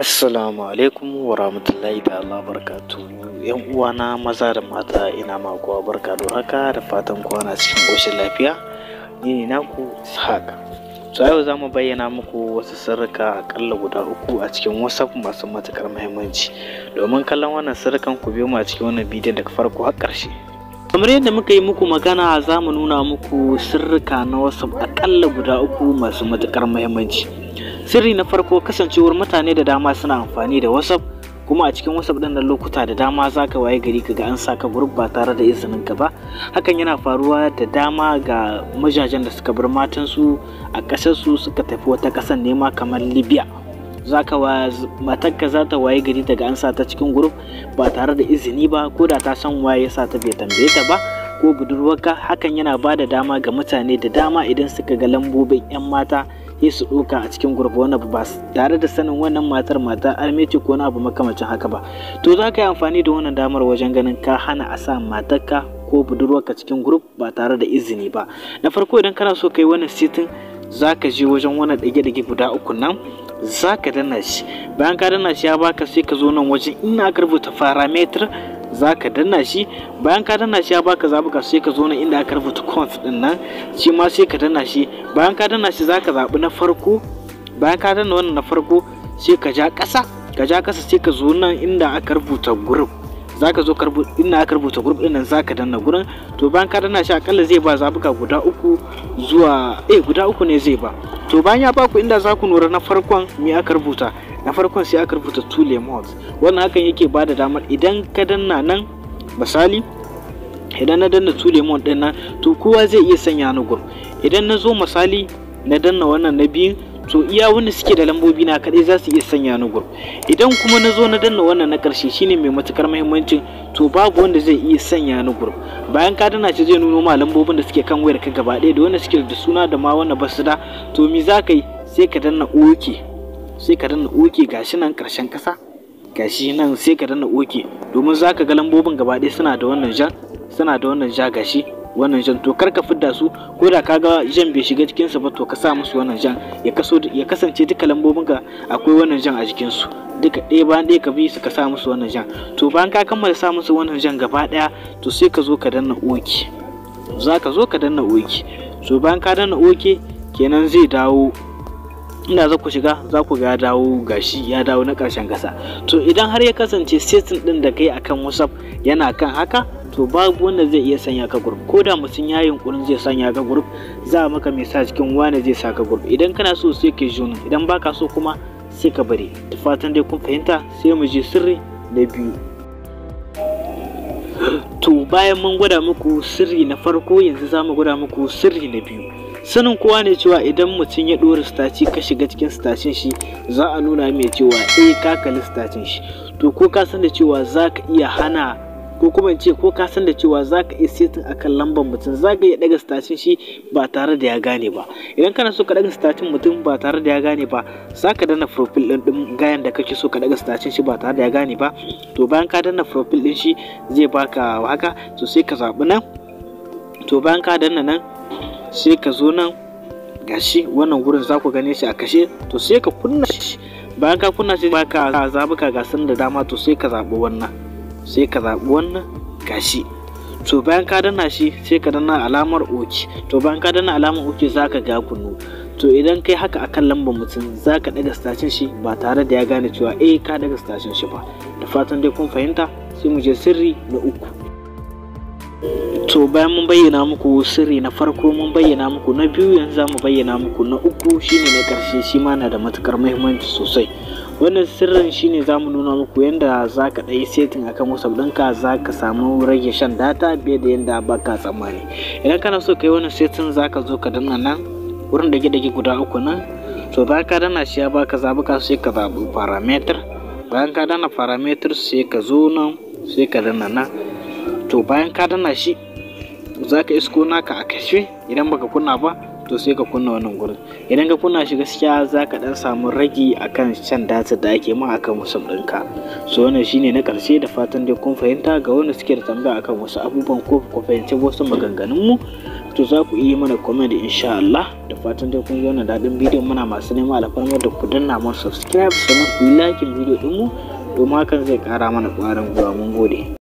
Assalamu alaikum wa rahmatullahi da Allah barkatu yan uwana maza da mata ina makuwa barka don haka da fatan kwana cikin goshin lafiya ni ne naku haka. to yau mu bayyana muku wasu sirrika akalla guda uku a cikin WhatsApp masu matuƙar muhimmanci domin kallon wannan sirrikan ku biyo a cikin wannan bidiyon daga farko har ƙarshe kamar yadda muka yi muku magana za mu nuna muku sirrika na wasu akalla guda uku masu matuƙar muhimmanci Sirri na farko kasancewar mutane da dama suna amfani da WhatsApp kuma a cikin WhatsApp ɗin lokuta da dama za ka waye gari ka ga an sa ka ba tare da izinin ka ba. Hakan yana faruwa da dama ga majajen da suka bar matansu a su suka tafi wata ƙasar nema kamar Libya. zaka wa matarka za ta waye gari daga an sa ta cikin guruf ba tare da izini ba ko da ta san waye sa ta bai tambaye ta ba ko budurwarka hakan yana ba da dama ga mutane da dama idan suka ga lambobin 'yan mata yi su duka a cikin gurbi wani abu ba tare da sanin wannan matar mata armeci ko wani abu makamacin haka ba to za ka yi amfani da wannan damar wajen ganin ka hana a sa matarka ko budurwarka cikin gurbi ba tare da izini ba na farko idan kana so ka yi wannan sitin za ka je wajen wannan ɗage-ɗage guda uku nan za ka danna shi bayan ka danna shi ya baka sai ka zo nan wajen ina ka rubuta parameter za ka danna shi bayan ka danna shi ya baka zabuka sai ka zo na inda aka rubuta conf din nan shi ma sai ka danna shi bayan ka danna shi za ka zaɓi na farko bayan ka danna wannan na farko sai ka ja ƙasa ka ja ƙasa sai ka zo nan inda aka rubuta group za ka zo karbu ina aka rubuta group din nan ka danna gurin to bayan ka danna shi akalla zai ba zabuka guda uku zuwa eh guda uku ne zai ba to bayan ya ba ku inda za ku nura na farkon me aka rubuta na farkon sai aka rubuta two lemons wannan hakan yake ba da damar idan ka danna nan misali idan na danna two lemon din nan to kowa zai iya sanya ni gurin idan na zo misali na danna wannan na biyu. so iya wanda suke da lambobi na kadai za su iya sanya ni gurb idan kuma na zo na danna wannan na karshe shine mai matukar muhimmancin to babu wanda zai iya sanya ni gurb bayan ka danna ce zai nuno ma lambobin da suke kan wayar ka gaba ɗaya da wanda suke da suna da ma wanda ba su da to me za ka yi sai ka danna oke sai ka danna oke gashi nan karshen kasa gashi nan sai ka danna oke domin za ka ga lambobin gaba ɗaya suna da wannan jan suna da wannan ja gashi wannan jan to kar ka fidda su ko da kaga jan bai shiga cikin sa ba to ka sa musu wannan jan ya kaso ya kasance duka lambobin ka akwai wannan jan a jikin su duka ɗaya bayan ɗaya ka bi su ka sa musu wannan jan to bayan ka kammala sa musu wannan jan gaba ɗaya to sai ka zo ka danna oke za ka zo ka danna oke to bayan ka danna oke kenan zai dawo ina za ku shiga za ku ga ya dawo gashi ya dawo na ƙarshen kasa to idan har ya kasance setin ɗin da kai akan whatsapp yana kan haka to babu wanda zai iya sanya ka gurb ko da mutum ya yi yunkurin zai sanya ka gurb za maka sa cikin wani zai sa ka gurb idan kana so sai ka juna idan baka so kuma sai ka bari da fatan dai kun fahimta sai mu je sirri na biyu to bayan mun gwada muku sirri na farko yanzu za mu gwada muku sirri na biyu sanin kowa ne cewa idan mutum ya ɗora staci ka shiga cikin stacin shi za a nuna mai cewa eh ka kalli stacin shi to ko ka san da cewa za ka iya hana ko kuma in ce ko ka san da cewa za ka iya setin a kan lambar mutum za ka iya ɗaga statin shi ba tare da ya gane ba idan kana so ka ɗaga statin mutum ba tare da ya gane ba za ka danna profil ɗin ɗin gayan da kake so ka ɗaga statin shi ba tare da ya gane ba to bayan ka danna profil ɗin shi zai baka haka to sai ka zaɓi nan to bayan ka danna nan sai ka zo nan gashi wannan gurin za ku gane shi a kashe to sai ka kunna shi bayan ka kunna shi baka zaɓuka ga sun da dama to sai ka zaɓi wannan sai ka zaɓi wannan gashi to bayan ka danna shi sai ka danna alamar oke to bayan ka danna alamar oke za ka ga kunu to idan kai haka akan lambar mutum za ka daga stashin shi ba tare da ya gane cewa eh ka daga stashin shi ba da fatan dai kun fahimta sai mu je sirri na uku to bayan mun bayyana muku sirri na farko mun bayyana muku na biyu yanzu za mu bayyana muku na uku shine na karshe shi ma na da matukar muhimmanci sosai wannan sirrin shine za mu nuna muku yadda za ka ɗayi setting akan whatsapp ɗinka za ka samu rage shan data bai da yadda ba ka tsammani idan kana so ka yi wannan setting za ka zo ka danna nan wurin dage-dage guda uku nan to za ka danna shi ya baka ka sai ka zaɓi parameter bayan ka danna parameter sai ka zo nan sai ka danna nan to bayan ka danna shi za ka isko naka a kashe idan baka kunna ba to sai ka kunna wannan gurin idan ka kunna shi gaskiya za ka dan samu ragi akan shan data da ake ma akan wasu ɗinka so wannan shine na ƙarshe da fatan dai kun fahimta ga wanda suke da tambaya akan wasu abubuwan ko ku fahimci wasu maganganun mu to za ku yi mana comment insha Allah da fatan dai kun yi wannan daɗin bidiyon muna masu neman alfarmar da ku danna mu subscribe sannan ku yi like bidiyo ɗinmu domin hakan zai ƙara mana ƙwarin gwiwa mun gode